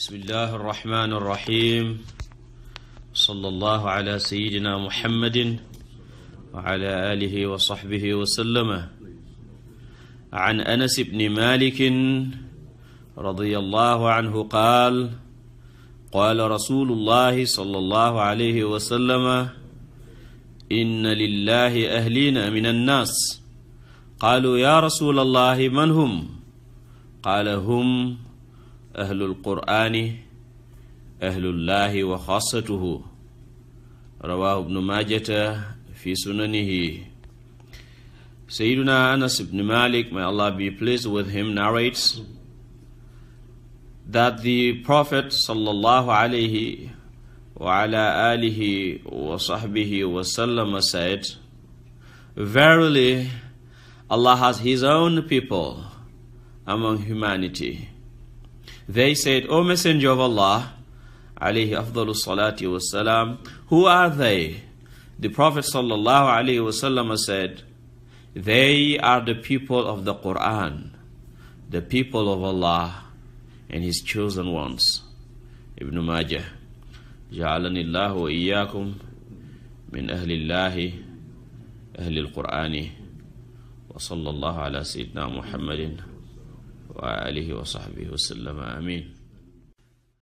bismillahi arrahmani irrahim sala allahu ala sayidina muhammadin wa ala alihi wa sahbihi wa sallama an anas bni malikin radiya allahu anhu qaal qaala rasulu ullahi sala allahu alayhi wa sallama inna lillahi ahlina min annaas qaalu ya rasula allahi man hum qaala hum ahlul qur'aani ahlullaahi wa xaasatuhu rawaahu ibnu maajata fi sunanihi Sayyiduna Anas ibn Malik may Allah be pleased with him narrates that the Prophet sallallahu alayhi wa ala alihi wa sahbihi wa sallam said verily Allah has his own people among humanity They said, O Messenger of Allah, alayhi afdalu salati wasalam, who are they? The Prophet sallallahu alayhi wasallam said, They are the people of the Quran, the people of Allah and His chosen ones. Ibn Majah. جعلني الله وإياكم من أهل الله أهل القرآن وصلى الله على سيدنا محمد wa alihi wa sahbihi wa sallama amin